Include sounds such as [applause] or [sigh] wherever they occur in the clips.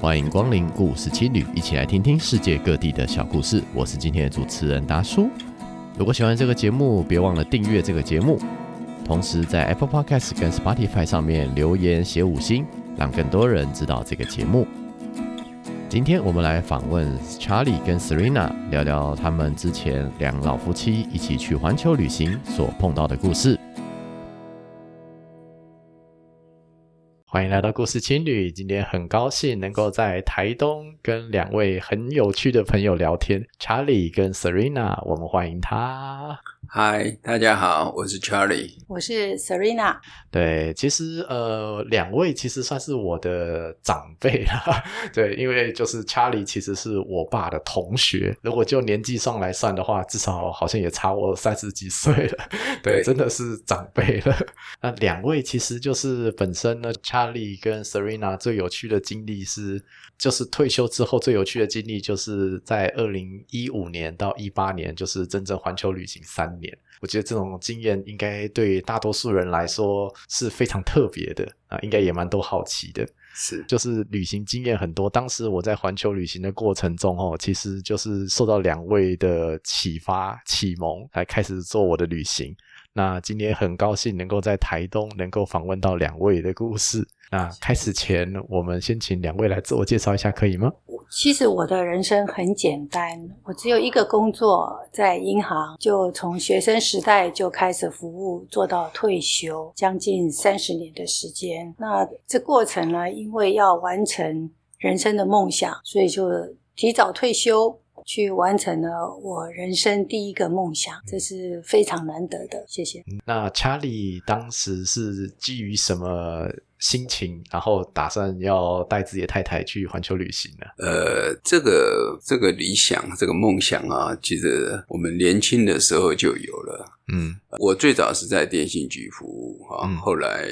歡迎光臨，故事青旅，一起來聽聽世界各地的小故事。我是今天的主持人達叔。如果喜歡這個節目，別忘了訂閱這個節目，同時在 Apple Podcast 跟 Spotify 上面留言寫五星，讓更多人知道這個節目。今天我們來訪問 Charley 跟 Serena，聊聊他們之前兩老夫妻一起去環球旅行所碰到的故事。歡迎來到故事青旅，今天很高興能夠在台東跟兩位很有趣的朋友聊天，Charley 跟 Serena，我們歡迎他。嗨，Hi, 大家好，我是 Charley，我是 Serena。對，其實呃，兩位其實算是我的長輩了。對，因為就是 Charley 其實是我爸的同學，如果就年紀上來算的話，至少好像也差我三十幾歲了。對，對，真的是長輩了。那兩位其實就是本身呢，Charley 跟 Serena 最有趣的經歷是，就是退休之後最有趣的經歷，就是在二零一五年到一八年，就是真正環球旅行三年。我覺得這種經驗應該對大多數人來說是非常特別的啊，應該也蠻多好奇的。是，就是旅行經驗很多。當時我在環球旅行的過程中，哦，其實就是受到兩位的啟發、啟蒙，來開始做我的旅行。那今天很高興能夠在台東能夠訪問到兩位的故事。那開始前，我們先請兩位來自我介紹一下，可以嗎？其實我的人生很簡單，我只有一個工作，在銀行，就從學生時代就開始服務，做到退休，將近三十年的時間。那這過程呢，因為要完成人生的夢想，所以就提早退休，去完成了我人生第一個夢想，這是非常難得的。謝謝。那查理當時是基於什麼心情，然後打算要帶自己的太太去環球旅行呢？呃，這個這個理想，這個夢想啊，其實我們年輕的時候就有了。嗯，我最早是在電信局服務啊，後來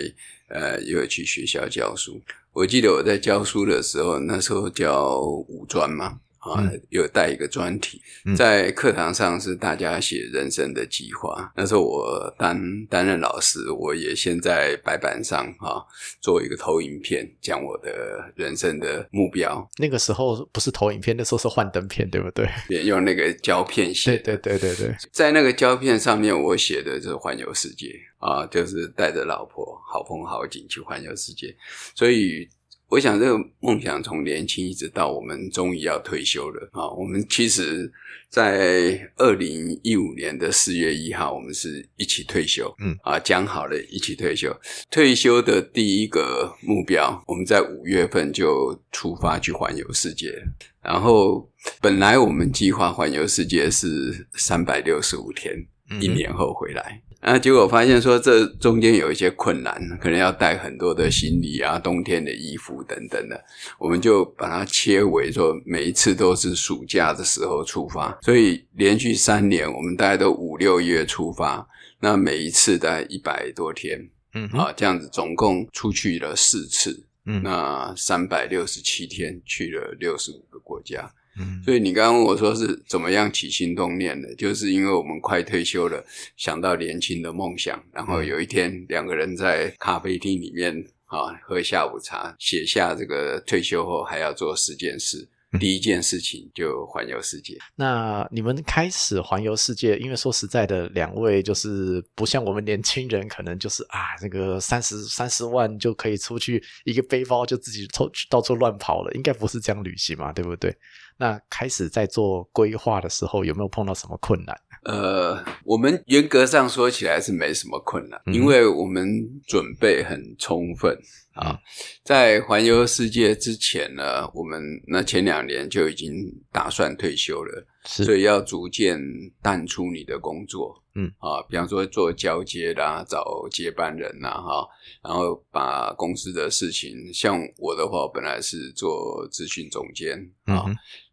呃又去學校教書。我記得我在教書的時候，那時候叫五專嘛。啊，有帶一個專題，嗯、在課堂上是大家寫人生的計劃。嗯、那時候我擔擔任老師，我也先在白板上啊做一個投影片，講我的人生的目標。那個時候不是投影片，那時候是幻燈片，對不對？也用那個膠片寫。 [laughs] 對，對對對對對，在那個膠片上面，我寫的就是環遊世界啊，就是帶着老婆、好風好景去環遊世界，所以。我想這個夢想從年輕一直到我們終於要退休了啊！我們其實，在二零一五年的四月一號，我們是一起退休，嗯啊，講好了一起退休。退休的第一個目標，我們在五月份就出發去環遊世界。然後本來我們計劃環遊世界是三百六十五天，一年後回來。那、啊、結果發現說，這中間有一些困難，可能要帶很多的行李啊，冬天的衣服等等的，我們就把它切為說，每一次都是暑假的時候出發，所以連續三年，我們大概都五六月出發，那每一次大概一百多天，嗯啊，這樣子總共出去了四次，嗯，那三百六十七天去了六十五個國家。所以你剛剛問我說是怎麼樣起心動念的，就是因為我們快退休了，想到年輕的夢想，然後有一天兩個人在咖啡廳裡面啊喝下午茶，寫下這個退休後還要做十件事。第一件事情就環遊世界。嗯，那你們開始環遊世界，因為說實在的，兩位就是不像我們年輕人，可能就是啊，那個三十三十萬就可以出去，一個背包就自己出去到處亂跑了，應該不是這樣旅行嘛，對不對？那開始在做規劃的時候，有沒有碰到什麼困難？呃，我們嚴格上說起來是沒什麼困難，嗯、哼因為我們準備很充分啊。嗯嗯、在環遊世界之前呢，我們那前兩年就已經打算退休了。是所以要逐漸淡出你的工作，嗯啊，比方說做交接啦、啊，找接班人啦、啊，哈、啊，然後把公司的事情，像我的話，本來是做諮詢總監啊，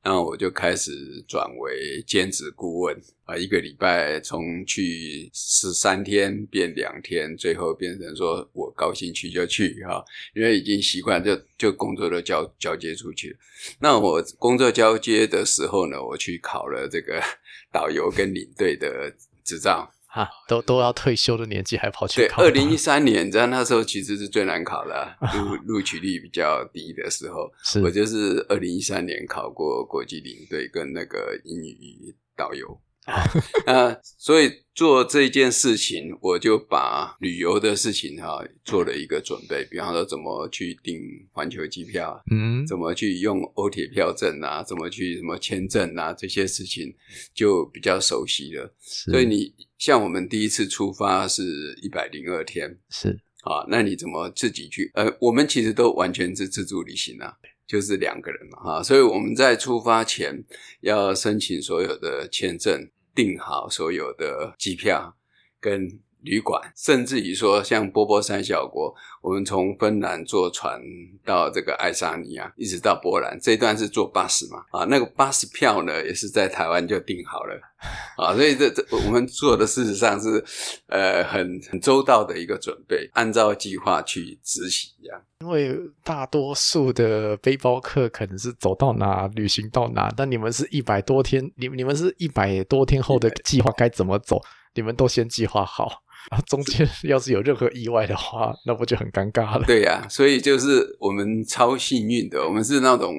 然後、嗯、哼我就開始轉為兼職顧問啊，一個禮拜從去十三天變兩天，最後變成說我高興去就去哈、啊，因為已經習慣就，就就工作都交交接出去了。那我工作交接的時候呢，我去考。考了這個導遊跟領隊的執照，哈，都都要退休的年紀還跑去考。對，二零一三年，在那時候其實是最難考的，錄取率比較低的時候， [laughs] 我就是二零一三年考過國際領隊跟那個英語導遊。啊、 [laughs] 呃，所以做這件事情，我就把旅遊的事情哈、啊、做了一個準備，比方說怎麼去訂環球機票，嗯，怎麼去用歐鐵票證啊，怎麼去什麼簽證啊這些事情就比較熟悉了。是所以你像我們第一次出發是一百零二天，是啊，那你怎麼自己去？呃，我們其實都完全是自助旅行啊。就是兩個人了，哈，所以我們在出發前要申請所有的簽證，訂好所有的機票，跟。旅館，甚至於說像波波三小國，我們從芬蘭坐船到這個愛沙尼亞，一直到波蘭，這一段是坐巴士嘛？啊，那個巴士票呢也是在台灣就訂好了，啊，所以這這我們做的事實上是，呃，很很周到的一個準備，按照計劃去執行一樣。因為大多數的背包客可能是走到哪旅行到哪，但你們是一百多天，你你們是一百多天後的計劃該怎麼走，你們都先計劃好。啊，中間要是有任何意外的話，那不就很尷尬了？對呀、啊，所以就是我們超幸運的，我們是那種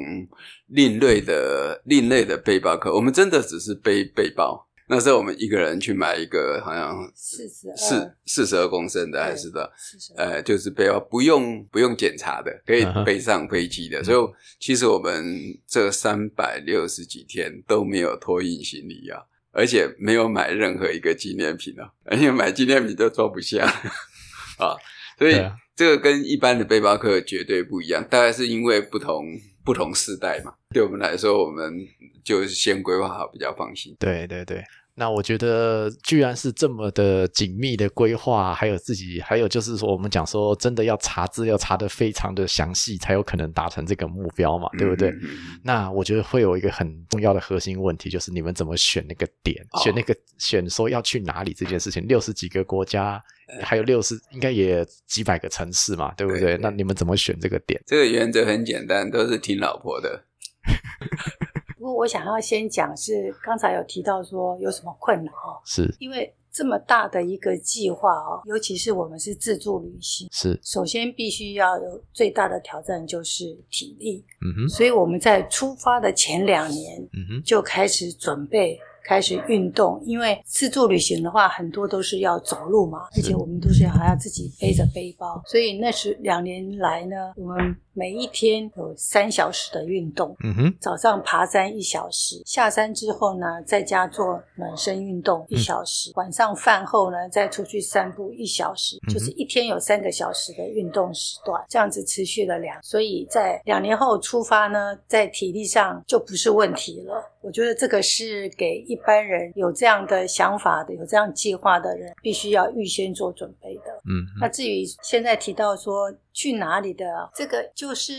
另類的、是另類的背包客。我們真的只是背背包，那時候我們一個人去買一個，好像、嗯、42四十二公升的還是的，呃，就是背包不用不用檢查的，可以背上飛機的。嗯、哼所以其實我們這三百六十幾天都沒有託運行李呀、啊。而且沒有買任何一個紀念品哦、啊，而且買紀念品都裝不下 [laughs] 啊，所以這個跟一般的背包客絕對不一樣。大概是因為不同不同世代嘛，對我們來說，我們就先規劃好比較放心。對對對。那我覺得，居然是這麼的緊密的規劃，還有自己，還有就是說，我們講說，真的要查資料，要查的非常的詳細，才有可能達成這個目標嘛，嗯、對不對？嗯、那我覺得會有一個很重要的核心問題，就是你們怎麼選那個點，哦、選那個選說要去哪裡這件事情，六十幾個國家，嗯、還有六十應該也幾百個城市嘛，對不對？對對，那你們怎麼選這個點？這個原則很簡單，都是聽老婆的。 [laughs] 不過我想要先講是，剛才有提到說有什麼困難哦，是，因為這麼大的一個計劃哦，尤其是我們是自助旅行，是，首先必須要有最大的挑戰就是體力，嗯哼，所以我們在出發的前兩年，嗯哼，就開始準備。開始運動，因為自助旅行的話，很多都是要走路嘛，而且我們都是還要自己背着背包，所以那時兩年來呢，我們每一天有三小時的運動。嗯哼，早上爬山一小時，下山之後呢，在家做暖身運動一小時，晚上飯後呢，再出去散步一小時，就是一天有三個小時的運動時段，這樣子持續了兩，所以在兩年後出發呢，在體力上就不是問題了。我覺得這個是給一般人有這樣的想法的，有這樣計劃的人，必須要預先做準備的。嗯，那至於現在提到說去哪裡的，這個就是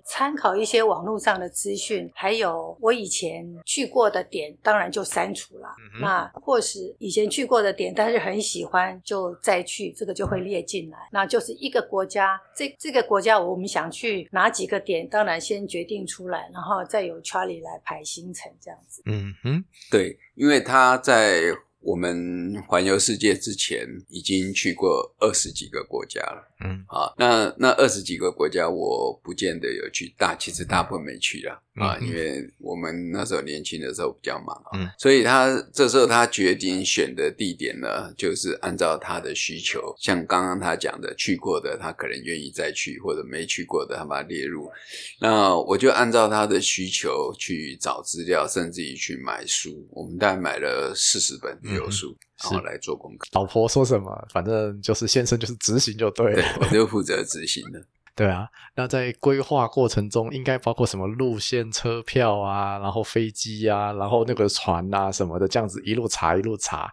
參考一些網絡上的資訊，還有我以前去過的點，當然就刪除了。嗯、哼那或是以前去過的點，但是很喜歡就再去，這個就會列進來。嗯、哼那就是一個國家，這這個國家我們想去哪幾個點，當然先決定出來，然後再由 Charley 來排行程這樣子。嗯嗯，對，因為他在。我們環遊世界之前已經去過二十幾個國家了，嗯，啊，那那二十幾個國家我不見得有去大，其實大部分沒去啦，嗯、啊，因為我們那時候年輕的時候比較忙，嗯，所以他這時候他決定選的地點呢，就是按照他的需求，像剛剛他講的，去過的他可能願意再去，或者沒去過的他把它列入，那我就按照他的需求去找資料，甚至於去買書，我們大概買了四十本。嗯有數，然後來做功課、嗯。老婆說什麼，反正就是先生就是執行就對了，對，我就負責執行了。 [laughs] 對啊，那在規劃過程中，應該包括什麼路線、車票啊，然後飛機啊，然後那個船啊什麼的，這樣子一路查一路查，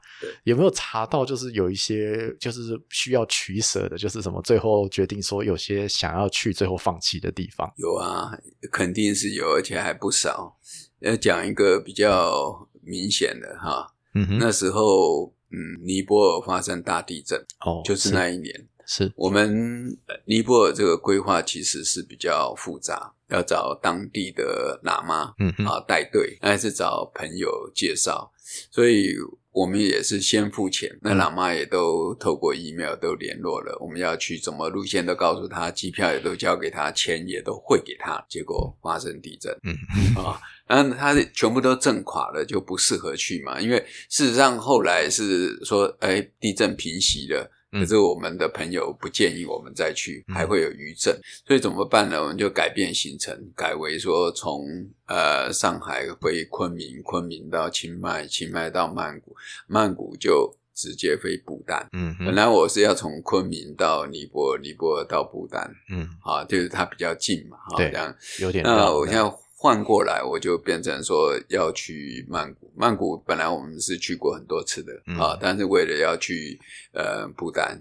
有對沒有查到就是有一些就是需要取捨的，就是什麼最後決定說有些想要去最後放棄的地方。有啊，肯定是有，而且還不少。要講一個比較明顯的、嗯、哈。嗯，那時候，嗯，尼泊爾發生大地震，哦，就是那一年，是，是，我們尼泊爾這個規劃其實是比較複雜，嗯，哼要找當地的喇嘛，嗯哼，啊帶隊，還是找朋友介紹，所以我們也是先付錢，那喇嘛也都透過 email 都聯絡了，嗯，我們要去怎麼路線都告訴他，機票也都交給他，錢也都匯給他，結果發生地震，嗯，啊。然後它全部都震垮了，就不適合去嘛。因為事實上後來是說，哎、欸，地震平息了，可是我們的朋友不建議我們再去，嗯、還會有餘震。所以怎麼辦呢？我們就改變行程，改為說從呃上海飛昆明，昆明到清邁，清邁到曼谷，曼谷就直接飛不丹。嗯哼，本來我是要從昆明到尼泊爾，尼泊爾到不丹。嗯哼，好、哦、就是它比較近嘛。哈、哦，對這樣有點那我現在。換過來，我就變成說要去曼谷。曼谷本來我們是去過很多次的啊，嗯，但是為了要去呃，不丹。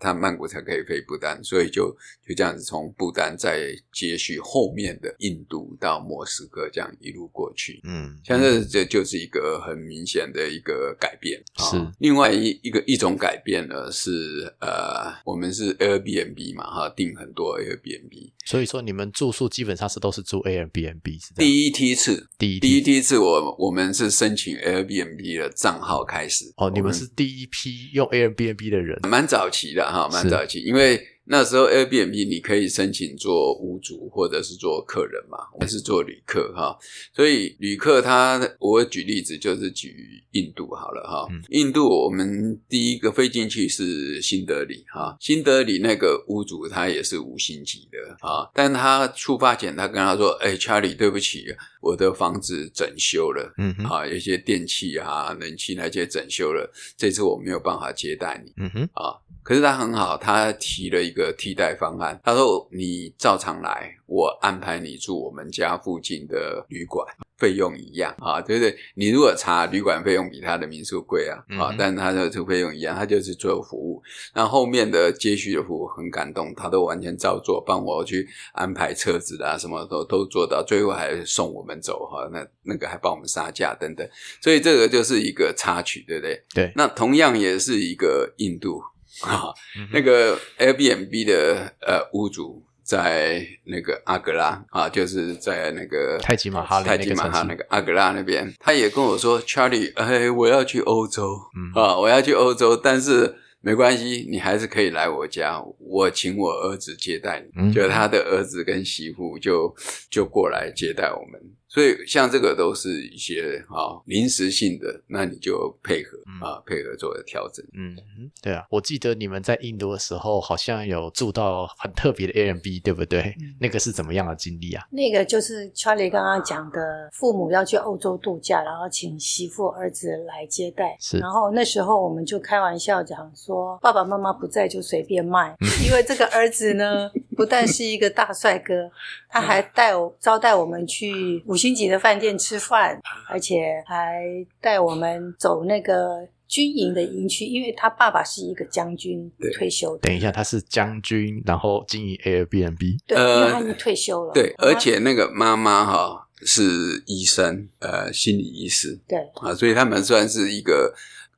他曼谷才可以飛不丹，所以就就這樣子從不丹再接續後面的印度到莫斯科，這樣一路過去。嗯，現在這就是一個很明顯的一個改變。是、哦、另外一一個一種改變呢，是呃，我們是 Airbnb 嘛，哈、哦，訂很多 Airbnb，所以說你們住宿基本上是都是住 Airbnb 是第一梯次，第一第一梯次我我們是申請 Airbnb 的賬號開始。哦，我們，你們是第一批用 Airbnb 的人，蠻早。早期了哈，蠻早期，是因為。那時候 Airbnb 你可以申請做屋主或者是做客人嘛，我們是做旅客哈、哦，所以旅客他我舉例子就是舉印度好了哈，哦嗯、印度我們第一個飛進去是新德里哈、哦，新德里那個屋主他也是五星級的啊、哦，但他出發前他跟他說，哎，Charlie 對不起，我的房子整修了，嗯哼，啊、哦，有些電器啊、冷氣那些整修了，這次我沒有辦法接待你，嗯哼，啊、哦，可是他很好，他提了一。一個替代方案，他說你照常來，我安排你住我們家附近的旅館，費用一樣啊，對不對？你如果查旅館費用比他的民宿貴啊，啊，嗯哼，但是他說就是費用一樣，他就是做服務。那後面的接續的服務很感動，他都完全照做，幫我去安排車子啊，什麼都都做到，最後還送我們走哈、啊，那那個還幫我們殺價等等，所以這個就是一個插曲，對不對？對，那同樣也是一個印度。啊，哦嗯、哼那個 Airbnb 的呃屋主在那個阿格拉啊，就是在那個泰姬瑪哈泰姬瑪哈那個阿格拉那邊，他也跟我說，Charley，哎、欸，我要去歐洲啊、嗯哼哦，我要去歐洲，但是沒關係，你還是可以來我家，我請我兒子接待你，嗯、就他的兒子跟媳婦就就過來接待我們。所以像這個都是一些啊哦、臨時性的，那你就配合、嗯、啊配合做的調整。嗯，對啊，我記得你們在印度的時候好像有住到很特別的 Airbnb，對不對？嗯、那個是怎麼樣的經歷啊？那個就是 Charley 剛剛講的，父母要去歐洲度假，然後請媳婦兒子來接待。是，然後那時候我們就開玩笑講說，爸爸媽媽不在就隨便賣， [laughs] 因為這個兒子呢。 [laughs] 不但是一個大帥哥，他還帶我招待我們去五星級的飯店吃飯，而且還帶我們走那個軍營的營區，因為他爸爸是一個將軍退休的。的。等一下，他是將軍，然後經營 Airbnb，對，因為他已經退休了、呃。對，而且那個媽媽哈、哦、是醫生，呃，心理醫師。對啊，所以他們算是一個。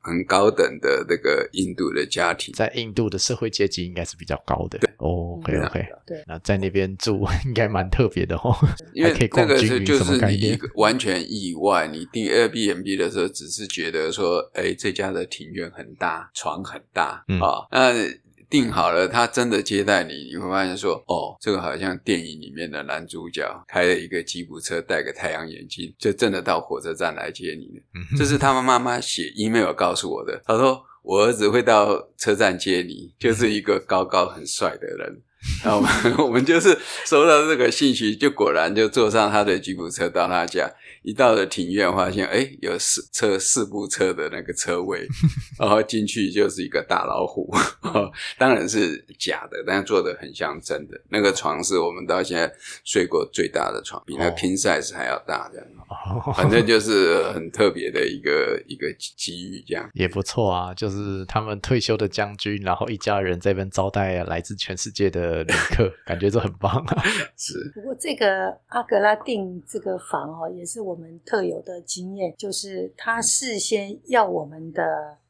很高等的那個印度的家庭，在印度的社會階級應該是比較高的。對、oh,，OK OK。對，那在那邊住應該蠻特別的哦，因為 [laughs] 可以那個是就是你完全意外，你訂 Airbnb 的時候，只是覺得說，哎，這家的庭院很大，床很大啊、嗯哦，那。定好了，他真的接待你，你會發現說，哦，這個好像電影裡面的男主角，開了一個吉普車，戴個太陽眼鏡，就真的到火車站來接你了、嗯、哼這是他們媽媽寫 email 告訴我的，他說我兒子會到車站接你，就是一個高高很帥的人。 [laughs] 然後我們我們就是收到這個信息，就果然就坐上他的吉普車到他家。一到了庭院，發現哎，有四車四部車的那個車位， [laughs] 然後進去就是一個大老虎，哦、當然是假的，但做得很像真的。那個床是我們到現在睡過最大的床，比那個 King Size 還要大，的、哦、反正就是很特別的一個、哦、一個機遇，這樣也不錯啊。就是他們退休的將軍，然後一家人這邊招待來自全世界的旅客， [laughs] 感覺就很棒啊。是，不過這個阿格拉訂這個房哦，也是我。我們特有的經驗就是，他事先要我們的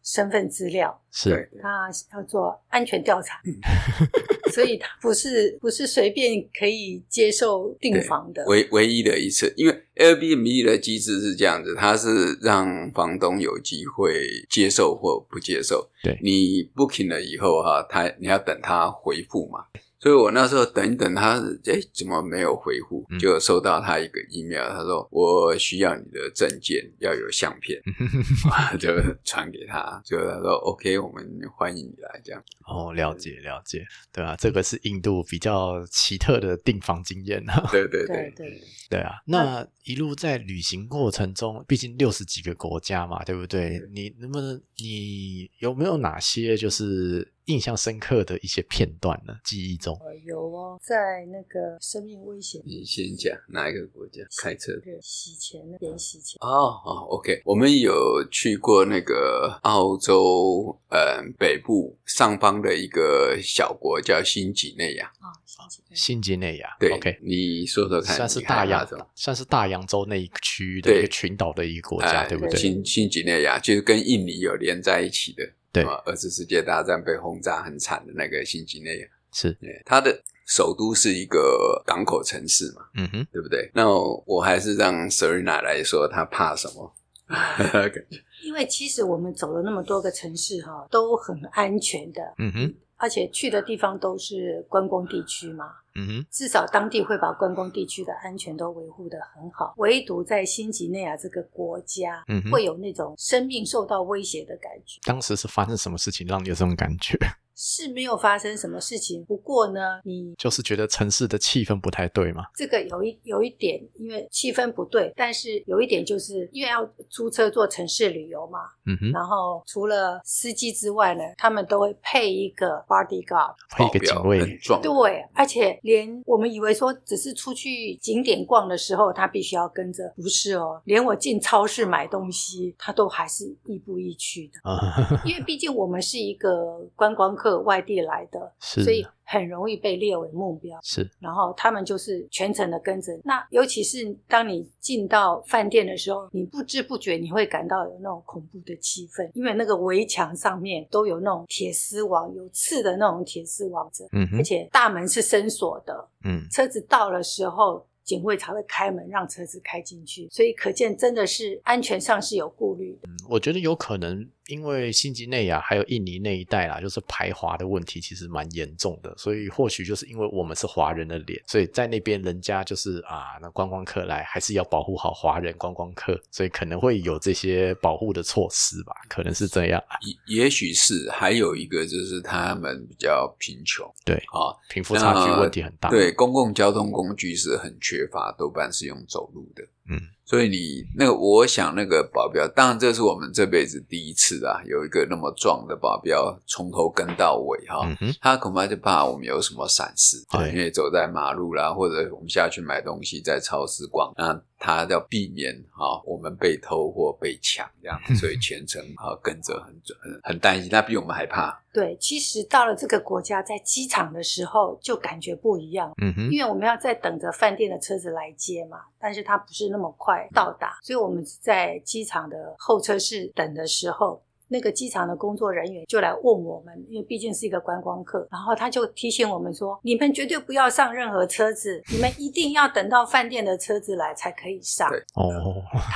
身份資料，是，他要做安全調查， [laughs] [laughs] 所以他不是不是隨便可以接受訂房的。唯唯一的一次，因為 Airbnb 的機制是這樣子，他是讓房東有機會接受或不接受。對你 booking 了以後哈、啊，他你要等他回覆嘛。所以我那時候等一等他，欸、怎麼沒有回復？嗯、就收到他一個 email，他說我需要你的證件，要有相片， [laughs] 就傳給他，就他說 [laughs] OK，我們歡迎你來這樣。哦，了解了解，對啊，嗯、這個是印度比較奇特的訂房經驗啊。對對對 [laughs] 對對、對、對啊，那一路在旅行過程中，畢竟六十幾個國家嘛，對不對？對，你能不能，你有沒有哪些就是？印象深刻的一些片段呢，記憶中有哦，在那個生命危險。你先講哪一個國家？開車對。洗錢的，連洗錢。哦哦、oh，OK，我們有去過那個澳洲嗯、呃、北部上方的一個小國叫新幾內亞啊，新幾內亞。新幾內亞對，OK，你說說看，算是大洋洲，算是大洋洲那一個區域的一對個群島的一個國家，呃、對不對？新新幾內亞就是跟印尼有連在一起的。什麼二次世界大戰被轟炸很慘的那個新幾內亞。是、欸，它的首都是一個港口城市嘛，嗯哼，對不對？那我，我還是讓 Serena 來說，她怕什麼？ [laughs] 因為其實我們走了那麼多個城市，哦，哈，都很安全的，嗯哼。而且去的地方都是觀光地區嘛，嗯哼，至少當地會把觀光地區的安全都維護得很好。唯獨在新幾內亞這個國家，嗯哼，會有那種生命受到威脅的感覺。當時是發生什麼事情讓你有這種感覺？是沒有發生什麼事情，不過呢，你就是覺得城市的氣氛不太對嗎？這個有一有一點，因為氣氛不對，但是有一點就是，因為要租車做城市旅遊嘛，嗯哼，然後除了司機之外呢，他們都會配一個 bodyguard，配一個警衛，很壯，嗯。對，而且連我們以為說只是出去景點逛的時候，他必須要跟着。不是哦，連我進超市買東西，他都還是亦步亦趨的。嗯、因為畢竟我們是一個觀光客。各外地來的，是的，所以很容易被列為目標。是，然後他們就是全程的跟着。那尤其是當你進到飯店的時候，你不知不覺你會感到有那種恐怖的氣氛，因為那個圍牆上面都有那種鐵絲網，有刺的那種鐵絲網嗯哼，而且大門是深鎖的。嗯，車子到的時候，警衛才會開門讓車子開進去。所以可見，真的是安全上是有顧慮的。我覺得有可能。因為新幾內亞、啊、還有印尼那一帶啦，就是排華的問題其實蠻嚴重的，所以或許就是因為我們是華人的臉，所以在那邊人家就是啊，那觀光客來還是要保護好華人觀光客，所以可能會有這些保護的措施吧，可能是這樣、啊。也也許是還有一個就是他們比較貧窮，嗯、對啊，貧富差距問題很大、呃，對，公共交通工具是很缺乏，多半是用走路的。嗯，所以你那個，我想那個保鏢，當然這是我們這輩子第一次啊，有一個那麼壯的保鏢，從頭跟到尾哈，他，嗯哼，恐怕就怕我們有什麼閃失，對，啊，因為走在馬路啦，或者我們下去買東西，在超市逛，那他要避免啊、哦，我們被偷或被搶這樣， [laughs] 所以全程啊、哦、跟着很準很很擔心，他比我們還怕。對，其實到了這個國家，在機場的時候就感覺不一樣，嗯哼，因為我們要在等着飯店的車子來接嘛，但是他不是那麼快到達，嗯、所以我們在機場的候車室等的時候。那個機場的工作人員就來問我們，因為畢竟是一個觀光客，然後他就提醒我們說：“你們絕對不要上任何車子，你們一定要等到飯店的車子來才可以上。對”哦，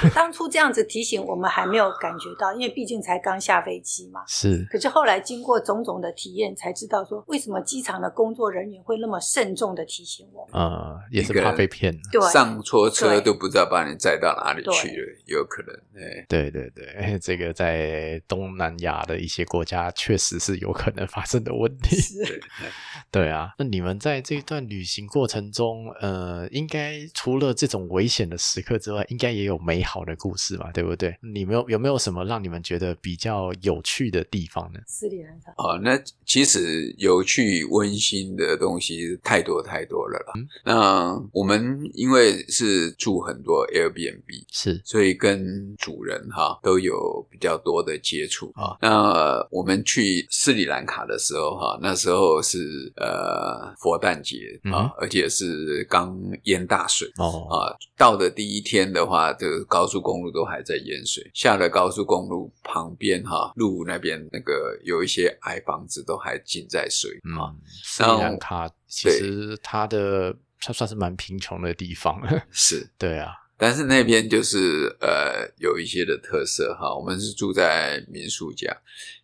他當初這樣子提醒我們，還沒有感覺到，因為畢竟才剛下飛機嘛。是。可是後來經過種種的體驗，才知道說為什麼機場的工作人員會那麼慎重的提醒我們。啊、呃，也是怕被騙，對，上錯車都不知道把你載到哪裡去了，有可能。哎，對對對，這個在東。東南亞的一些國家確實是有可能發生的問題。對，對，對啊，那你們在這段旅行過程中，呃，應該除了這種危險的時刻之外，應該也有美好的故事吧？對不對？你們有有沒有什麼讓你們覺得比較有趣的地方呢？是的、哦，那其實有趣溫馨的東西太多太多了了。嗯、那我們因為是住很多 Airbnb，是，所以跟主人哈都有比較多的接觸。啊，那、呃、我們去斯里蘭卡的時候哈、啊，那時候是呃佛誕節啊，嗯、哼而且是剛淹大水哦啊，到的第一天的話，這個高速公路都還在淹水，下了高速公路旁邊哈、啊、路那邊那個有一些矮房子都還浸在水啊、嗯，斯里蘭卡其實它的對它算是蠻貧窮的地方， [laughs] 是對啊。但是那邊就是呃有一些的特色哈，我們是住在民宿家，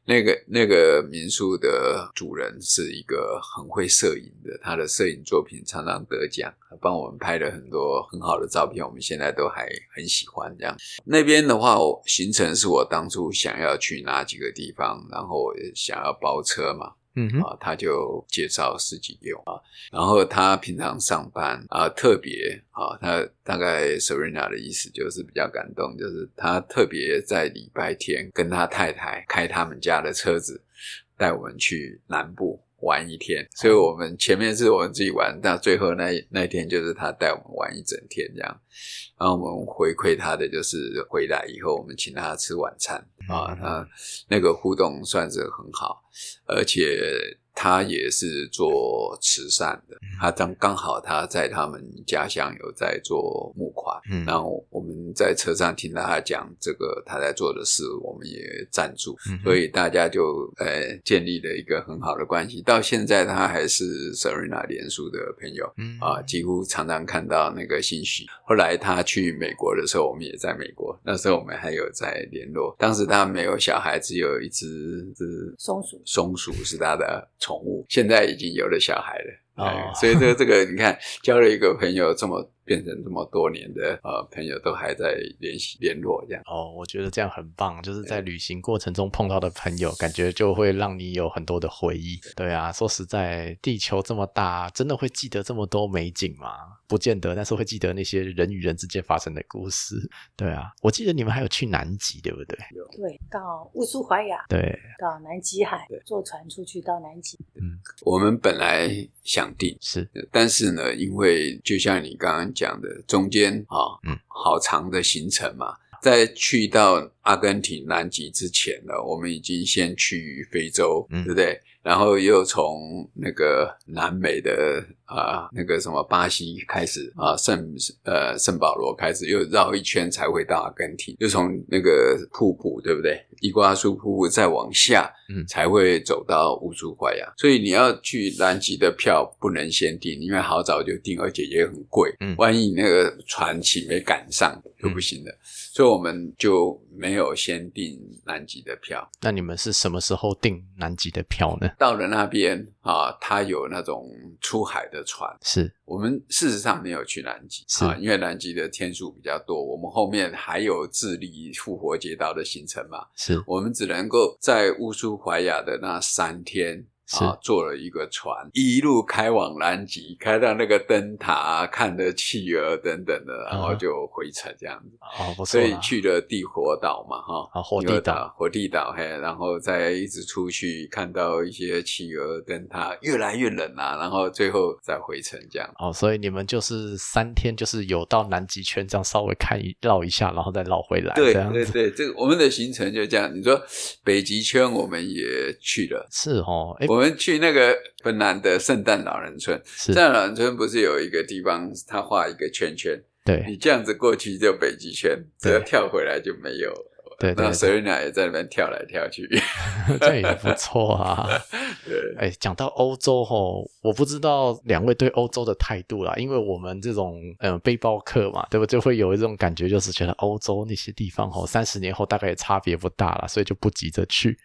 那個那個民宿的主人是一個很會攝影的，他的攝影作品常常得獎，他幫我們拍了很多很好的照片，我們現在都還很喜歡這樣。那邊的話，我行程是我當初想要去哪幾個地方，然後也想要包車嘛。嗯啊、哦，他就介紹司機用啊，然後他平常上班啊、呃，特別啊、哦，他大概 Serena 的意思就是比較感動，就是他特別在禮拜天跟他太太開他們家的車子，帶我們去南部。玩一天，所以我們前面是我們自己玩，那最後那那一天就是他帶我們玩一整天這樣，然後我們回饋他的就是回來以後我們請他吃晚餐啊，他、嗯啊、那個互動算是很好，而且。他也是做慈善的，他剛剛好他在他們家鄉有在做募款，然後、嗯、我們在車上聽到他講這個他在做的事，我們也贊助，嗯、哼所以大家就呃、哎、建立了一個很好的關係。到現在他還是 Serena 聯繫的朋友，嗯、哼啊，幾乎常常看到那個信息。後來他去美國的時候，我們也在美國，那時候我們還有在聯絡。當時他沒有小孩，只有一隻，只松鼠，松鼠是他的。寵物，現在已經有了小孩了。嗯、哦，所以這個這個， [laughs] 你看交了一個朋友，這麼變成這麼多年的呃朋友，都還在聯繫聯絡這樣。哦，我覺得這樣很棒，就是在旅行過程中碰到的朋友，對感覺就會讓你有很多的回憶。對，對，對，對啊，說實在，地球這麼大，真的會記得這麼多美景嗎？不見得，但是會記得那些人與人之間發生的故事。對啊，我記得你們還有去南極，對不對？對，到烏蘇懷亞，對，到南極海，對坐船出去到南極。嗯，我們本來想。是，但是呢，因為就像你剛剛講的，中間，哦，嗯，好長的行程嘛，在去到阿根廷南極之前呢，我們已經先去非洲，嗯，對不對？然後又從那個南美的啊、呃，那個什麼巴西開始啊，聖呃聖保羅開始，又繞一圈才會到阿根廷。就從那個瀑布，對不對？伊瓜蘇瀑布再往下，嗯，才會走到烏蘇懷亞。所以你要去南極的票不能先訂，因為好早就訂，而且也很貴。嗯，萬一那個船期沒趕上就不行了。嗯嗯所以我們就沒有先訂南極的票。那你們是什麼時候訂南極的票呢？到了那邊啊，它有那種出海的船。是我們事實上沒有去南極是啊，因為南極的天數比較多。我們後面還有智利復活節島的行程嘛？是我們只能夠在烏蘇懷亞的那三天。啊，哦、是坐了一個船，一路開往南極，開到那個燈塔，看着企鵝等等的，然後就回程這樣子啊、嗯哦，不錯。所以去了地火島嘛，哈、哦，火地島，火地島嘿，然後再一直出去，看到一些企鵝，燈塔越來越冷啊，然後最後再回程這樣子。哦，所以你們就是三天，就是有到南極圈這樣稍微看一繞一下，然後再繞回來。對對對，這個、我們的行程就這樣。你說北極圈我們也去了，是哦，哎。我們去那個芬蘭的聖誕老人村，聖誕是老人村不是有一個地方，他畫一個圈圈，對你這樣子過去就北極圈，對只要跳回來就沒有。對，對，對，那水鳥也在那邊跳來跳去， [laughs] [laughs] 這也不錯啊。 [laughs] 對，誒講、欸、到歐洲吼，我不知道兩位對歐洲的態度啦，因為我們這種嗯、呃、背包客嘛，對不對，就會有一種感覺，就是覺得歐洲那些地方吼，三十年後大概也差別不大了，所以就不急着去。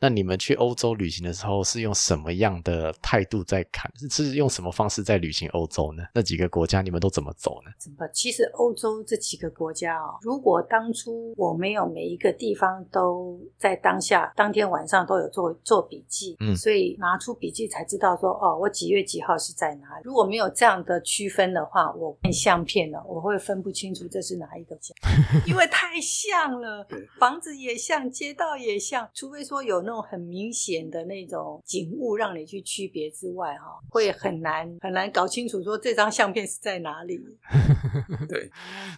那你們去歐洲旅行的時候是用什麼樣的態度在看？是用什麼方式在旅行歐洲呢？那幾個國家你們都怎麼走呢？其實歐洲這幾個國家啊、哦，如果當初我沒有每一個地方都在當下，當天晚上都有做做筆記，嗯，所以拿出筆記才知道說哦，我幾月幾號是在哪裡。如果沒有這樣的區分的話，我看相片呢，我會分不清楚這是哪一個家， [laughs] 因為太像了，房子也像，街道也像，除非說有。那種很明顯的那種景物讓你去區別之外，哈，會很難很難搞清楚說這張相片是在哪裡。 [laughs] 對，對，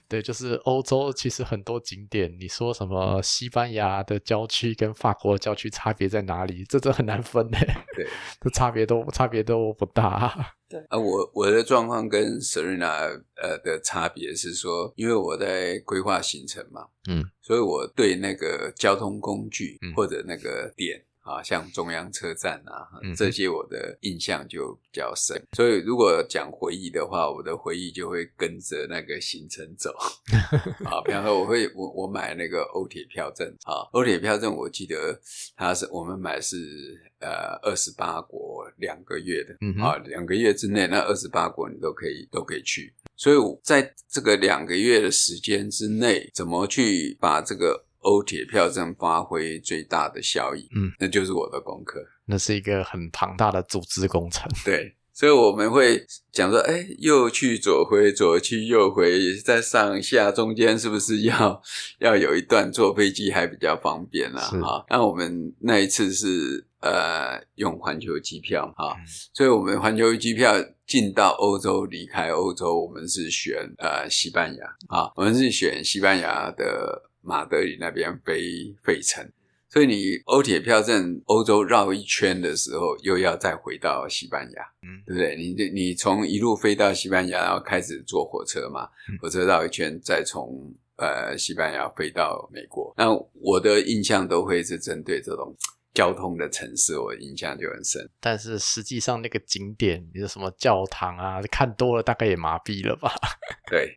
對，就是歐洲其實很多景點，你說什麼西班牙的郊區跟法國的郊區差別在哪裡？這這很難分嘞。對，這 [laughs] 差別都差別都不大。對啊，我我的狀況跟 Serena 呃的差別是說，因為我在規劃行程嘛，嗯，所以我對那個交通工具，嗯，或者那個點。啊，像中央車站啊，這些我的印象就比較深。嗯、哼所以如果講回憶的話，我的回憶就會跟着那個行程走。啊， [laughs] 比方說我會我我買那個歐鐵票證，啊，歐鐵票證我記得它是我們買是呃二十八國兩個月的，啊、嗯哼，兩個月之內那二十八國你都可以都可以去。所以我在這個兩個月的時間之內，怎麼去把這個。歐鐵票證發揮最大的效益，嗯，那就是我的功課。那是一個很龐大的組織工程，對，所以我們會講說，哎，右去左回，左去右回，在上下中間是不是要 [laughs] 要有一段坐飛機還比較方便啊？是」哈，那我們那一次是呃用環球機票哈，嗯、所以我們環球機票進到歐洲、離開歐洲，我們是選呃西班牙啊，我們是選西班牙的。馬德里那邊飛費城，所以你歐鐵票在歐洲繞一圈的時候，又要再回到西班牙，嗯，對不對？你你從一路飛到西班牙，然後開始坐火車嘛，火車繞一圈，再從呃西班牙飛到美國。那我的印象都會是針對這種交通的城市，我的印象就很深。但是實際上那個景點，你說什麼教堂啊，看多了大概也麻痹了吧？ [laughs] 對。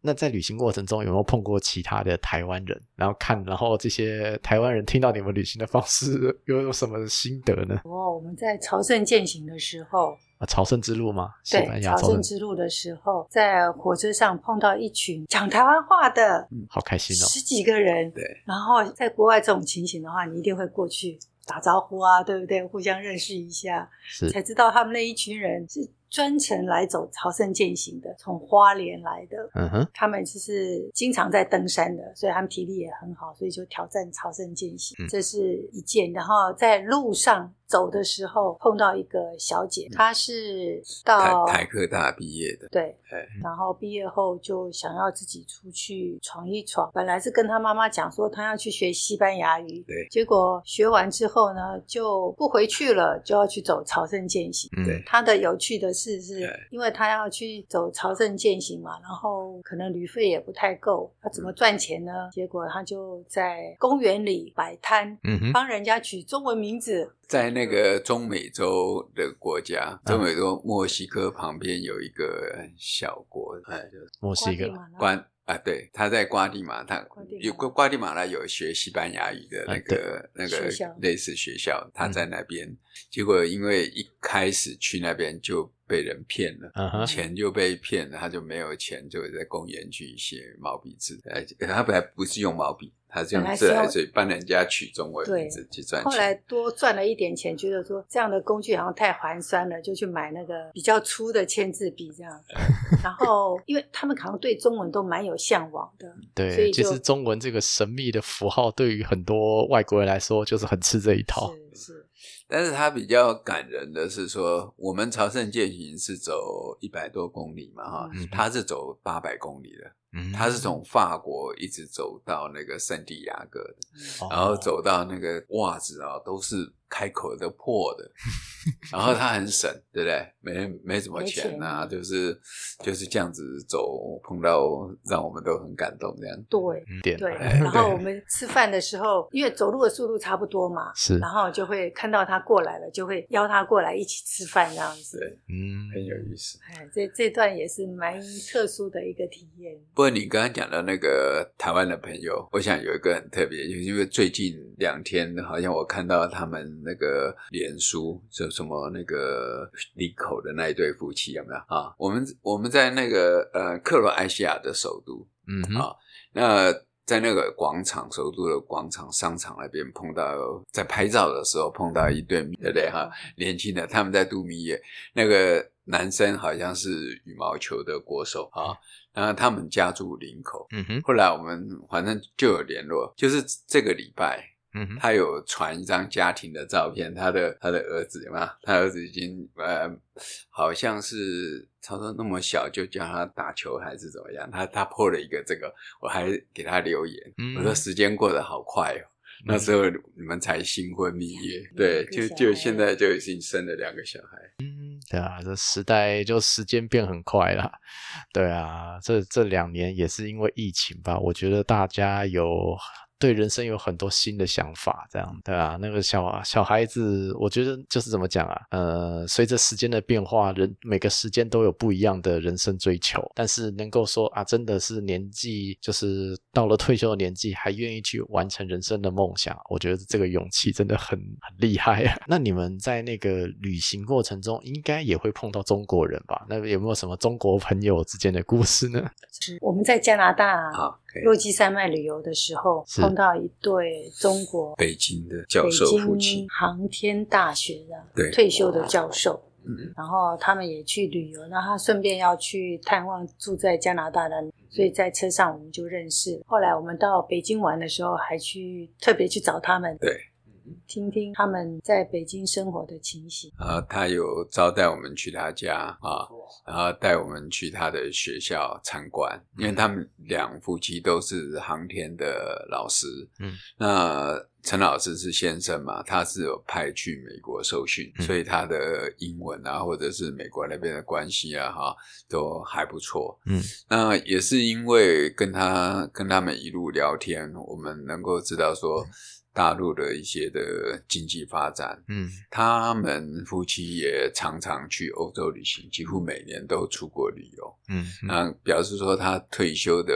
那在旅行過程中有沒有碰過其他的台灣人？然後看，然後這些台灣人聽到你們旅行的方式，又有什麼心得呢？哦，我們在朝聖健行的時候，啊、朝聖之路嘛，西班牙朝聖，對，朝聖之路的時候，在火車上碰到一群講台灣話的，嗯，好開心哦，十幾個人，對然後在國外這種情形的話，你一定會過去打招呼啊，對不對？互相認識一下，是才知道他們那一群人是。專程來走朝聖健行的，從花蓮來的，uh huh. 他們就是經常在登山的，所以他們體力也很好，所以就挑戰朝聖健行，嗯、這是一件。然後在路上。走的時候碰到一個小姐，嗯、她是到台科大畢業的，對，嗯、然後畢業後就想要自己出去闖一闖。本來是跟她媽媽講說她要去學西班牙語，對，結果學完之後呢，就不回去了，就要去走朝聖健行。嗯、對，她的有趣的事是，對因為她要去走朝聖健行嘛，然後可能旅費也不太夠，她怎麼賺錢呢？嗯、結果她就在公園裡擺攤，嗯、哼幫人家取中文名字。在那個中美洲的國家，中美洲墨西哥旁邊有一個小國，哎、啊，嗯、就墨西哥關，啊，對，他在瓜地馬，他瓜地馬拉，有瓜瓜地馬拉有學西班牙語的那個、啊、那個類似學校，學校嗯、他在那邊，結果因為一開始去那邊就被人騙了，啊、哈錢就被騙了，他就沒有錢，就會在公園去寫毛筆字，哎，他本來不是用毛筆。還是用自來水幫人家取中文名字去賺錢。後來多賺了一點錢，覺得說這樣的工具好像太寒酸了，就去買那個比較粗的簽字筆這樣。 [laughs] 然後，因為他們好像對中文都蠻有嚮往的。對，其實中文這個神秘的符號，對於很多外國人來說，就是很吃這一套。是是。是但是他比較感人的是說，我們朝聖踐行是走一百多公里嘛，哈，他是走八百公里的，他是從法國一直走到那個聖地亞哥的，然後走到那個襪子啊，都是。開口的破的。 [laughs] 然後他很省，對不對？沒沒什麼錢啊，錢啊就是就是這樣子走，碰到讓我們都很感動這樣。對，腦對。然後我們吃飯的時候，對因為走路的速度差不多嘛，是，然後就會看到他過來了，就會邀他過來一起吃飯這樣子。對，嗯，很有意思。哎，這這段也是蠻特殊的一個體驗。不過你剛剛講到那個台灣的朋友，我想有一個很特別，就是因為最近兩天好像我看到他們。那個臉書，就什麼那個林口的那一對夫妻有沒有啊？我們我們在那個呃克羅埃西亞的首都，嗯好哼。啊，那在那個廣場，首都的廣場商場那邊碰到，在拍照的時候碰到一對，對不對哈？年輕的，他們在度蜜月。那個男生好像是羽毛球的國手啊，然後他們家住林口，嗯哼。後來我們反正就有聯絡，就是這個禮拜。嗯、他有傳一張家庭的照片，他的他的兒子嘛，他兒子已經呃、嗯，好像是曹操那麼小就教他打球還是怎麼樣，他他破了一個這個，我還給他留言，我說，時間過得好快哦，嗯、哼那時候你們才新婚蜜月，嗯、哼對，就就現在就已經生了兩個小孩，嗯，對啊，這時代就時間變很快了，對啊，這這兩年也是因為疫情吧，我覺得大家有。對人生有很多新的想法，這樣對啊，那個小小孩子，我覺得就是怎麼講啊？呃，隨着時間的變化，人每個時間都有不一樣的人生追求。但是能夠說啊，真的是年紀就是到了退休的年紀，還願意去完成人生的夢想，我覺得這個勇氣真的很很厲害啊。那你們在那個旅行過程中，應該也會碰到中國人吧？那有沒有什麼中國朋友之間的故事呢？就是我們在加拿大啊。洛基山脈旅遊的時候，碰到一對中國北京的教授夫妻，北京航天大學的退休的教授，嗯，然後他們也去旅遊，那他順便要去探望住在加拿大的，所以在車上我們就認識。後來我們到北京玩的時候，還去特別去找他們。對。聽聽他們在北京生活的情形啊，他有招待我們去他家啊，然後帶我們去他的學校參觀，因為他們兩夫妻都是航天的老師，嗯，那。陳老師是先生嘛？他是有派去美國受訓，嗯、所以他的英文啊，或者是美國那邊的關係啊，哈，都還不錯。嗯，那也是因為跟他跟他們一路聊天，我們能夠知道說、嗯、大陸的一些的經濟發展。嗯，他們夫妻也常常去歐洲旅行，幾乎每年都出國旅遊。嗯，那表示說他退休的。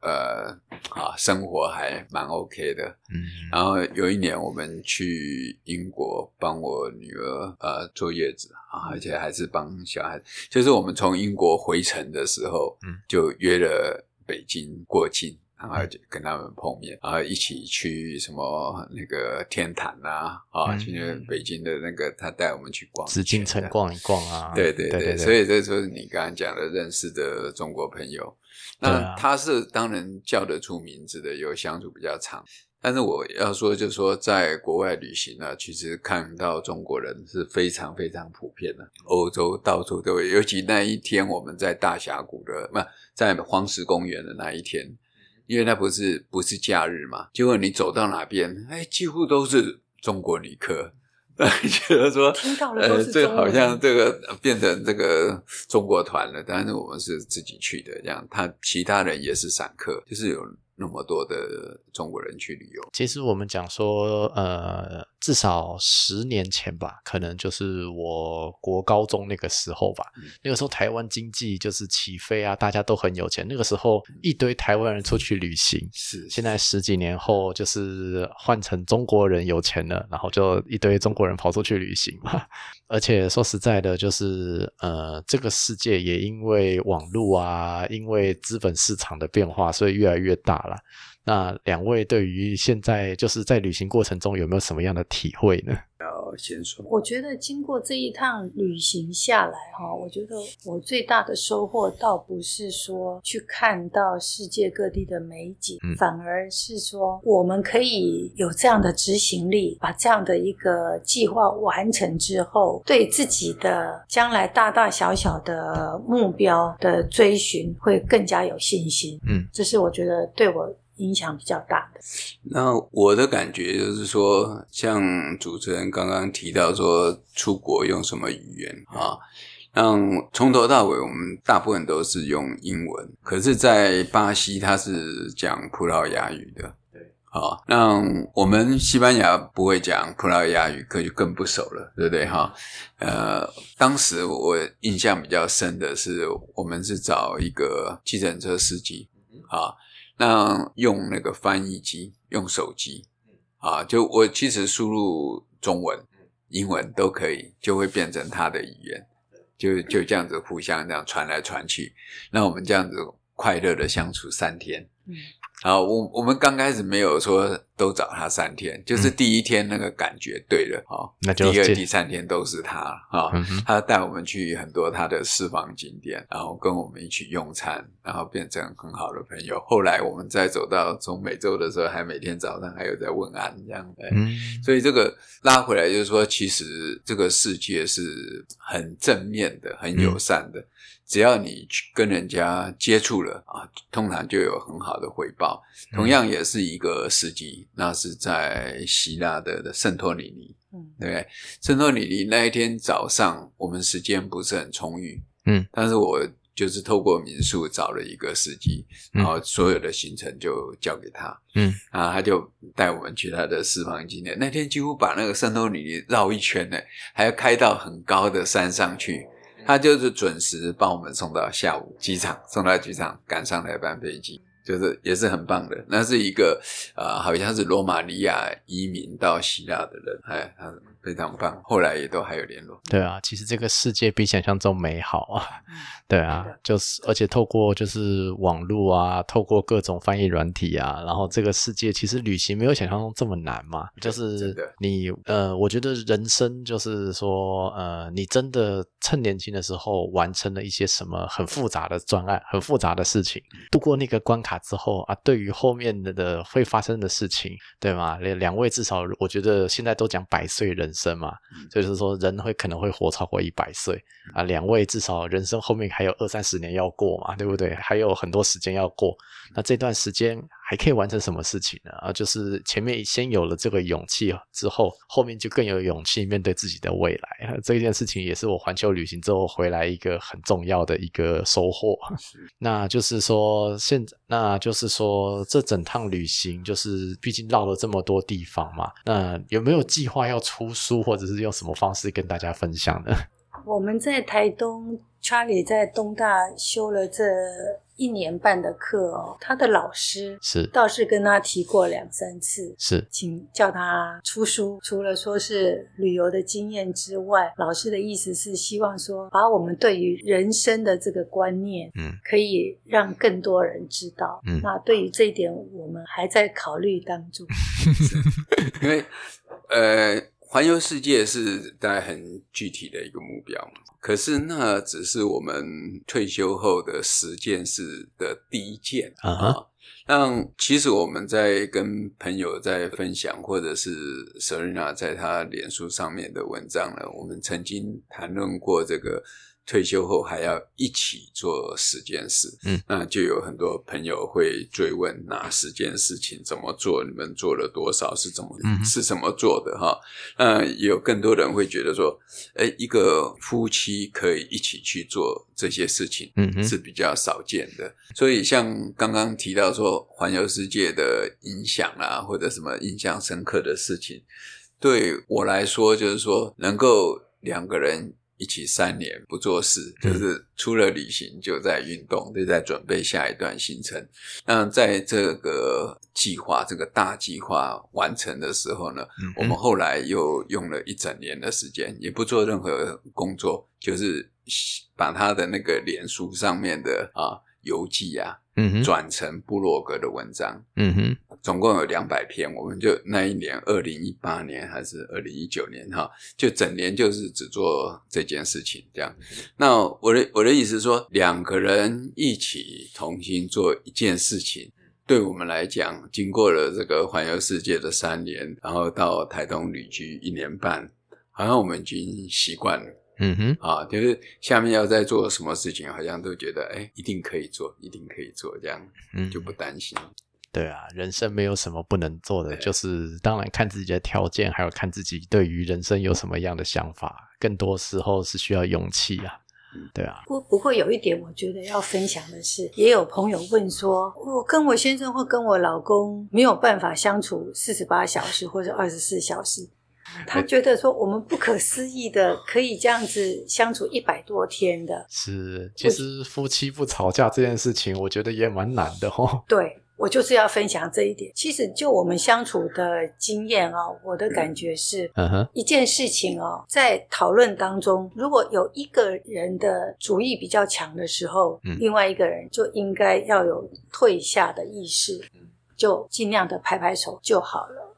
呃，啊，生活還蠻 OK 的。嗯，然後有一年我們去英國幫我女兒呃坐月子啊，而且還是幫小孩。就是我們從英國回程的時候，嗯，就約了北京過境，然後就跟他們碰面，嗯、然後一起去什麼那個天壇啦、啊，啊，嗯、去北京的那個他帶我們去逛紫禁城逛一逛啊。啊對對對，對對對所以這就是你剛剛講的認識的中國朋友。那他是當然叫得出名字的，有相處比較長。但是我要說，就是說，在國外旅行啊，其實看到中國人是非常非常普遍的。歐洲到處都有，尤其那一天我們在大峽谷的，不，在黃石公園的那一天，因為那不是不是假日嘛。結果你走到哪邊，哎，幾乎都是中國旅客。覺得 [laughs] 說，呃，這個好像這個變成這個中國團了，但是我們是自己去的，這樣，他其他人也是散客，就是有那麼多的中國人去旅遊。其實我們講說，呃。至少十年前吧，可能就是我國高中那個時候吧。嗯、那個時候台灣經濟就是起飛啊，大家都很有錢。那個時候一堆台灣人出去旅行。嗯、是。現在十幾年後，就是換成中國人有錢了，然後就一堆中國人跑出去旅行嘛。嗯、而且說實在的，就是呃，這個世界也因為網絡啊，因為資本市場的變化，所以越來越大了。那兩位對於現在就是在旅行過程中有沒有什麼樣的體會呢？要先說，我覺得經過這一趟旅行下來，哈，我覺得我最大的收穫倒不是說去看到世界各地的美景，嗯，反而是說我們可以有這樣的執行力，嗯，把這樣的一個計劃完成之後，對自己的將來大大小小的目標的追尋會更加有信心。嗯，這是我覺得對我影響比較大的。那我的感覺就是說，像主持人剛剛提到說，出國用什麼語言啊、哦？那從頭到尾，我們大部分都是用英文。可是，在巴西，他是講葡萄牙語的。對，好、哦，那我們西班牙不會講葡萄牙語，可就更不熟了，對不對？哈、哦，呃，當時我印象比較深的是，我們是找一個計程車司機啊。嗯哦那用那個翻譯機，用手機，啊，就我其實輸入中文、英文都可以，就會變成他的語言，就就這樣子互相這樣傳來傳去，那我們這樣子快樂的相處三天。嗯，好，我我們剛開始沒有說。都找他三天，就是第一天那個感覺對了啊，那第二、第三天都是他啊。哦嗯、哼他帶我們去很多他的私房景點，然後跟我們一起用餐，然後變成很好的朋友。後來我們再走到中美洲的時候，還每天早上還有在問安這樣的。欸、嗯，所以這個拉回來就是說，其實這個世界是很正面的、很友善的。嗯、只要你去跟人家接觸了啊，通常就有很好的回報。嗯、同樣也是一個時機。那是在希臘的的聖托里尼，對不、嗯、對？聖托里尼那一天早上，我們時間不是很充裕，嗯，但是我就是透過民宿找了一個司機，嗯、然後所有的行程就交給他，嗯，啊，他就帶我們去他的私房景點。那天幾乎把那個聖托里尼繞一圈呢，還要開到很高的山上去。他就是準時幫我們送到下午機場，送到機場趕上那班飛機。就是也是很棒的，那是一個啊、呃，好像是羅馬尼亞移民到希臘的人，還、哎、他。非常棒，後來也都還有聯絡。對啊，其實這個世界比想象中美好啊。對啊， [laughs] 對啊，就是而且透過就是網絡啊，透過各種翻譯軟體啊，然後這個世界其實旅行沒有想象中這麼難嘛。就是你真的。呃，我覺得人生就是說，呃，你真的趁年輕的時候完成了一些什麼很複雜的專案，很複雜的事情，度過那個關卡之後啊，對於後面的的會發生的事情，對嗎？兩兩位至少我覺得現在都講百歲人。人生嘛，所以就是說，人會可能會活超過一百歲啊。兩位至少人生後面還有二三十年要過嘛，對不對？還有很多時間要過，那這段時間。還可以完成什麼事情呢？啊，就是前面先有了這個勇氣之後，後面就更有勇氣面對自己的未來。這件事情也是我環球旅行之後回來一個很重要的一個收穫。是那就是說，現在，那就是說，這整趟旅行就是畢竟繞了這麼多地方嘛。那有沒有計劃要出書，或者是用什麼方式跟大家分享呢？我們在台東，查理在東大修了這。一年半的課哦，他的老師是倒是跟他提過兩三次，是請叫他出書。除了說是旅遊的經驗之外，老師的意思是希望說，把我們對於人生的這個觀念，嗯，可以讓更多人知道。嗯，那對於這一點，我們還在考慮當中。嗯、是 [laughs] 因為，呃環遊世界是大家很具體的一個目標，可是那只是我們退休後的十件事的第一件啊。那、uh huh. 其實我們在跟朋友在分享，或者是 Serena 在她臉書上面的文章呢，我們曾經談論過這個。退休後還要一起做十件事，嗯，那就有很多朋友會追問哪十件事情怎麼做，你們做了多少是怎麼，是怎麼做的哈？嗯、哼那有更多人會覺得說，誒、欸、一個夫妻可以一起去做這些事情，嗯，是比較少見的。嗯、哼所以像剛剛提到說，環遊世界的影響啊，或者什麼印象深刻的事情，對我來說就是說，能夠兩個人。一起三年不做事，就是除了旅行就在運動，就在準備下一段行程。那在這個計劃、這個大計劃完成的時候呢，我們後來又用了一整年的時間，也不做任何工作，就是把他的那個臉書上面的啊。游記啊，嗯哼，轉成部落格的文章，嗯哼，總共有兩百篇，我們就那一年二零一八年還是二零一九年哈，就整年就是只做這件事情這樣。嗯、哼那我的我的意思是說，兩個人一起同心做一件事情，對我們來講，經過了這個環游世界的三年，然後到台東旅居一年半，好像我們已經習慣了。嗯哼，啊，就是下面要再做什麼事情，好像都覺得哎、欸，一定可以做，一定可以做，這樣，嗯，就不擔心、嗯。對啊，人生沒有什麼不能做的，對就是當然看自己的條件，還有看自己對於人生有什麼樣的想法，更多時候是需要勇氣的、啊。嗯、對啊。不不過有一點，我覺得要分享的是，也有朋友問說，我跟我先生或跟我老公沒有辦法相處四十八小時或者二十四小時。他覺得說我們不可思議的可以這樣子相處一百多天的。是，其實夫妻不吵架這件事情，我覺得也蠻難的哦。對，我就是要分享這一點。其實就我們相處的經驗啊、哦，我的感覺是，嗯哼，一件事情哦，在討論當中，如果有一個人的主意比較強的時候，嗯，另外一個人就應該要有退下的意識，就盡量的拍拍手就好了。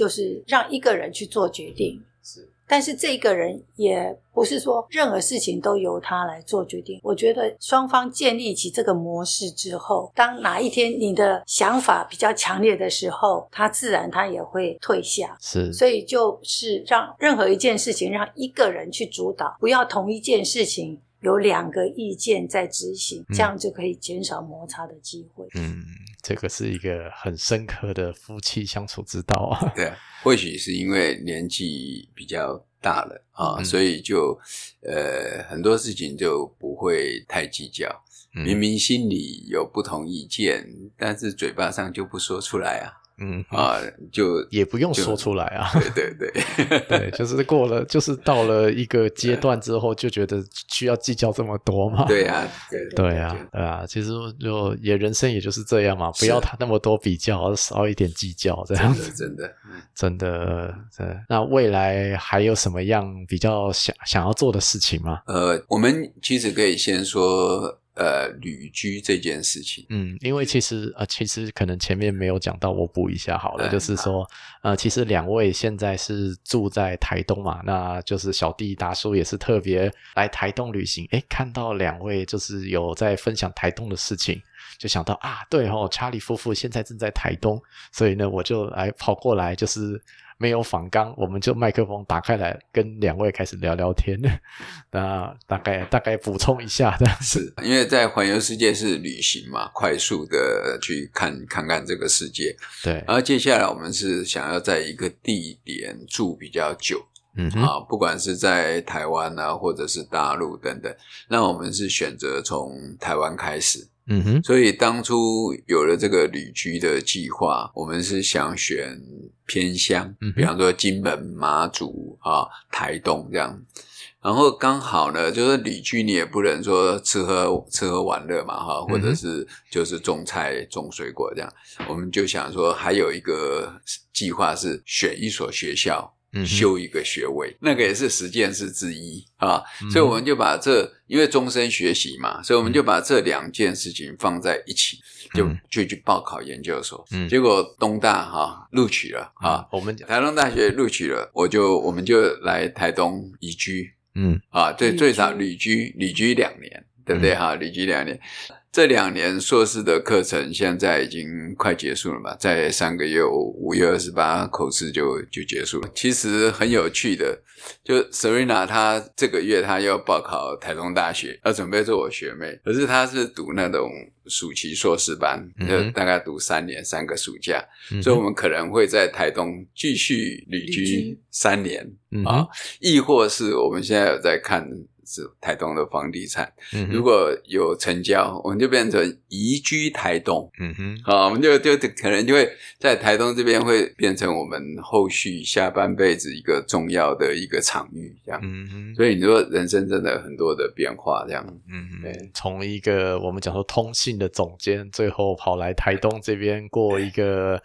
就是讓一個人去做決定，是，但是這個人也不是說任何事情都由他來做決定。我覺得雙方建立起這個模式之後，當哪一天你的想法比較強烈的時候，他自然他也會退下。是，所以就是讓任何一件事情讓一個人去主導，不要同一件事情，有兩個意見在執行，這樣就可以減少摩擦的機會。嗯，這個是一個很深刻的夫妻相處之道啊。對，或許是因為年紀比較大了啊，嗯、所以就，呃，很多事情就不會太計較。明明心裡有不同意見，但是嘴巴上就不說出來啊。嗯啊，就也不用說出來啊，對對對， [laughs] 對，就是過了，就是到了一個階段之後，就覺得需要計較這麼多嘛。對啊，對對,對,對啊，對啊，其實就也人生也就是這樣嘛，是不要談那麼多比較，少一點計較，這樣子真,真的，真的，真的、嗯。那未來還有什麼樣比較想想要做的事情嗎？呃，我們其實可以先說。呃，旅居這件事情，嗯，因為其實呃，其實可能前面沒有講到，我補一下好了，嗯、就是說，嗯、呃，其實兩位現在是住在台東嘛，那就是小弟達叔也是特別來台東旅行，哎，看到兩位就是有在分享台東的事情，就想到啊，對哦，查理夫婦現在正在台東，所以呢，我就來跑過來就是。沒有訪剛，我們就麥克風打開來跟兩位開始聊聊天。那大概大概補充一下，但是，是因為在環遊世界是旅行嘛，快速的去看看看這個世界。對，然後接下來我們是想要在一個地點住比較久，嗯好哼、啊，不管是在台灣啊，或者是大陸等等，那我們是選擇從台灣開始。嗯哼，所以當初有了這個旅居的計劃，我們是想選偏鄉，嗯，比方說金門、馬祖啊、喔、台東這樣。然後剛好呢，就是旅居你也不能說吃喝吃喝玩樂嘛哈、喔，或者是就是種菜、種水果這樣。我們就想說，還有一個計劃是選一所學校。修一個學位，嗯、哼那個也是實踐室之一，嗯、哼啊，所以我們就把這，因為終身學習嘛，嗯、哼所以我們就把這兩件事情放在一起，嗯、就就去報考研究所。嗯，結果東大哈、啊、錄取了啊，嗯、我們講台東大學錄取了，我就我們就來台東移居。嗯，啊，最最少旅居旅居兩年，對不對哈、啊？嗯、旅居兩年。這兩年碩士的課程現在已經快結束了嘛，在上個月五,五月二十八口試就就結束了。其實很有趣的，就 Serena 她這個月她要報考台東大學，要準備做我學妹。可是她是讀那種暑期碩士班，嗯、哼就大概讀三年，三個暑假，嗯、哼所以我們可能會在台東繼續旅居三年啊，亦或、嗯、是我們現在有在看。是台東的房地產，嗯哼，如果有成交，我們就變成移居台東。嗯哼，好、啊，我們就就可能就會在台東這邊會變成我們後續下半輩子一個重要的一個場域，這樣。嗯哼，所以你說人生真的很多的變化，這樣。嗯哼，對。從一個我們講說通信的總監，最後跑來台東這邊過一個。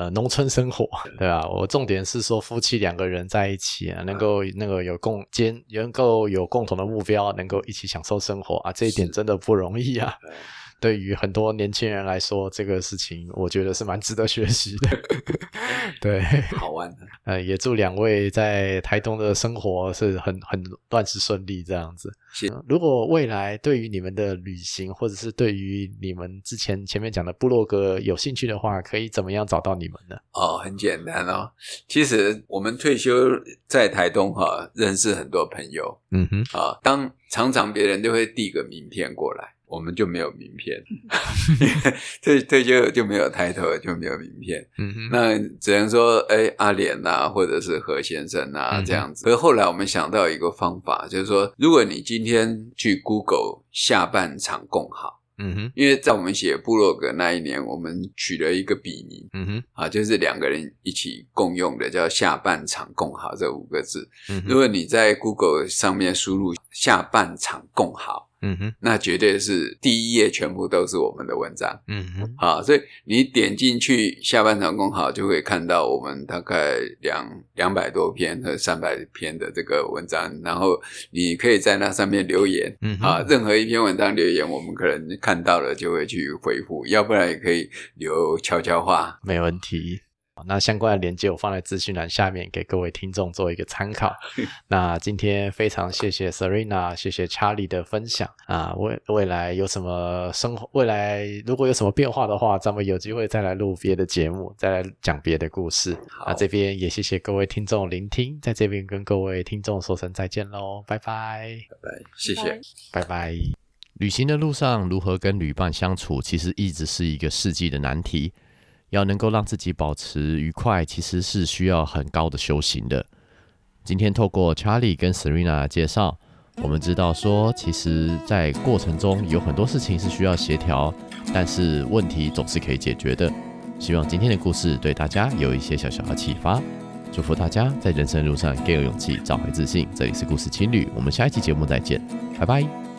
呃，農村生活，對吧？我重點是說，夫妻兩個人在一起啊，能夠那個有共間，能夠有共同的目標，能夠一起享受生活啊，這一點真的不容易啊。對於很多年輕人來說，這個事情我覺得是蠻值得學習的。 [laughs] 對，好玩的。呃、嗯，也祝兩位在台東的生活是很很萬事順利這樣子。是如果未來對於你們的旅行，或者是對於你們之前前面講的部落格有興趣的話，可以怎麼樣找到你們呢？哦，很簡單哦。其實我們退休在台東哈、啊，認識很多朋友。嗯哼。啊，當常常別人就會遞個名片過來。我們就沒有名片 [laughs] [laughs] 對，退退休就沒有抬頭，就沒有名片。嗯哼，那只能說，誒、欸、阿蓮吶、啊，或者是何先生吶、啊，這樣子。嗯、哼可是後來我們想到一個方法，就是說，如果你今天去 Google 下半場共好，嗯哼，因為在我們寫部落格那一年，我們取了一個筆名，嗯哼，啊，就是兩個人一起共用的，叫下“嗯、哼下半場共好”這五個字。嗯，如果你在 Google 上面輸入“下半場共好”。嗯哼，那絕對是第一頁全部都是我們的文章。嗯哼，好、啊，所以你點進去下半場共好，就可以看到我們大概兩兩百多篇和三百篇的這個文章，然後你可以在那上面留言。嗯好哼、啊，任何一篇文章留言，我們可能看到了就會去回復，要不然也可以留悄悄話，沒問題。那相關的連接我放在資訊欄下面，給各位聽眾做一個參考。 [laughs] 那今天非常謝謝 Serena，謝謝 Charley 的分享啊。未未來有什麼生活，未來如果有什麼變化的話，咱們有機會再來錄別的節目，再來講別的故事。好，那這邊也謝謝各位聽眾聆聽，在這邊跟各位聽眾說聲再見嘍，拜拜，拜拜，謝謝，拜拜。旅行的路上，如何跟旅伴相處，其實一直是一個世紀的難題。要能夠讓自己保持愉快，其實是需要很高的修行的。今天透過查理跟 Serena 的介紹，我們知道說，其實，在過程中有很多事情是需要協調，但是問題總是可以解決的。希望今天的故事對大家有一些小小的啟發，祝福大家在人生路上更有勇氣，找回自信。這裡是故事青旅，我們下一期節目再見，拜拜。